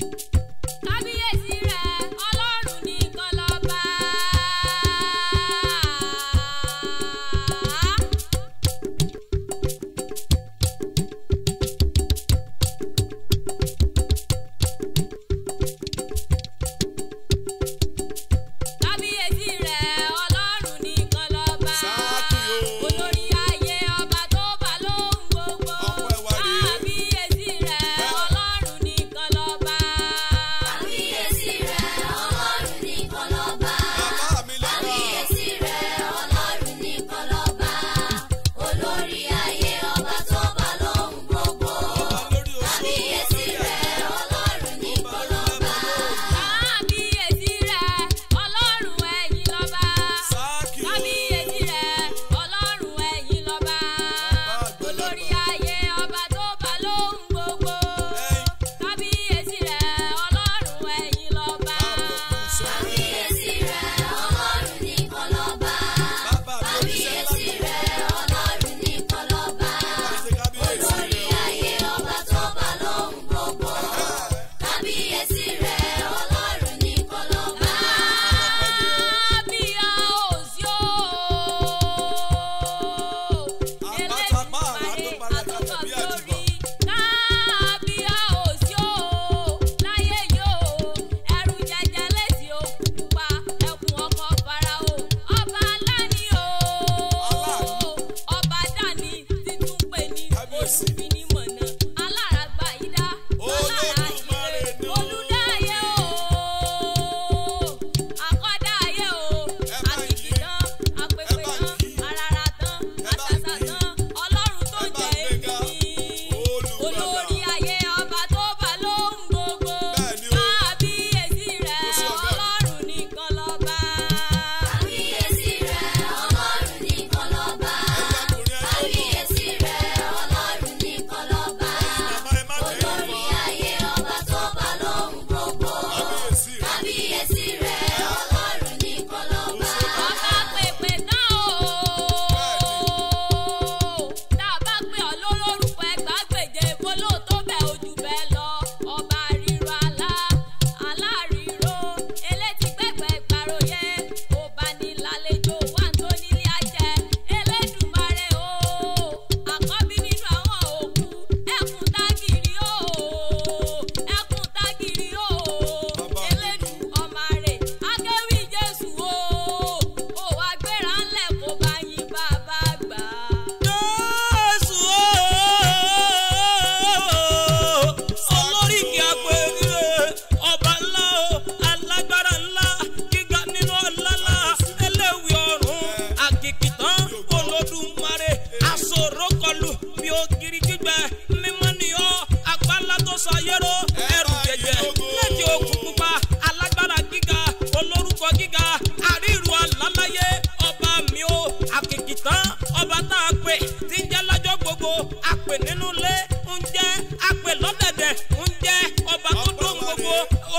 thank you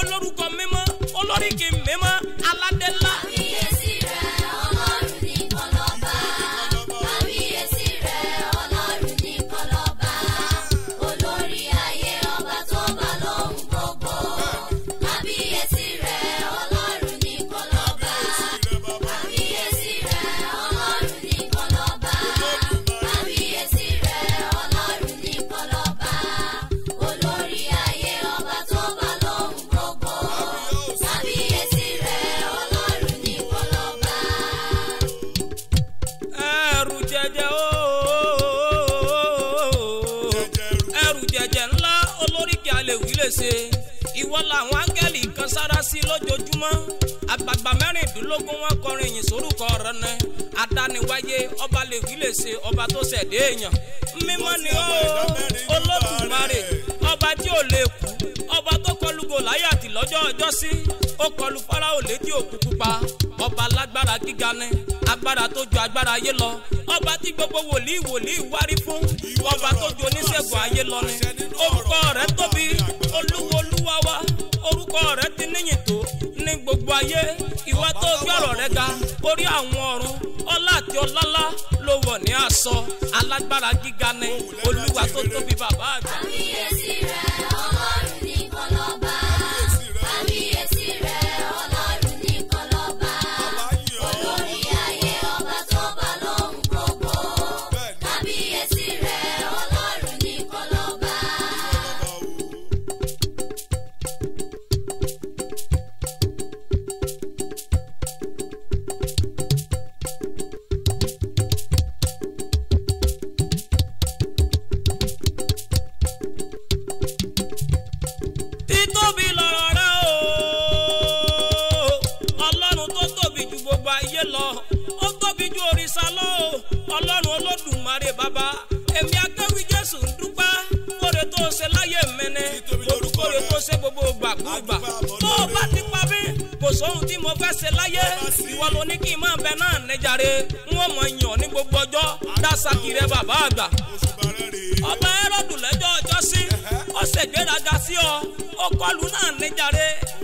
olórúkọ mímọ́ olóríkì mímọ́ aládélá. olóríkì alẹ́ òwì lè ṣe ìwọ làwọn áńgẹ́lì kan sára sí lójoojúmọ́ àgbààgbà mẹ́rìndínlógún wọn kọrin ìyìn sórúkọ rẹ nẹ adániwáyé ọba lè wí lè ṣe ọba tó ṣẹ̀dé èèyàn mímọ́ ni ó olódùmarè ọba tí ò lè kú ọba tó kọlu gòláyàtì lọ́jọ́ ọjọ́ sí ó kọlu fáráò létí òkú pupa ọba lágbára gíga ni agbára tó ju agbára ayé lọ ọba tí gbogbo wòlíì wòlíì wárí fún ọba tó ju oní ṣẹ́gun ayé lọ ni orúkọ rẹ̀ tóbi olúwo olúwa wa orúkọ rẹ̀ ti níyìn tó ní gbogbo ayé ìwà tó gbé ọ̀rọ̀ rẹ̀ ga orí àwọn ọ̀run ọlá àti ọlálá ló wọ̀ ní aṣọ alágbára gíga ni olúwa tó tóbi bàbá àgbà. ọlọ́run olódùmarè bàbá èmi akéwì jésù ń dúpẹ́ kóre tó ṣe láyé mẹ́nẹ́ kóre tó ṣe gbogbo gbàgbúgbà tó o bá ti pa mí kò sóhun tí mo fẹ́ ṣe láyé ìwọ ló ní kí n máa bẹ náà nẹjàre n ó mọ yàn ní gbogbo ọjọ́ dásàkì rẹ bàbá àgbà ọba ẹrọ dùn lẹ́jọ́ ọjọ́ sí ó ṣègbéraga sí ọ ó kọlù náà nẹjàre.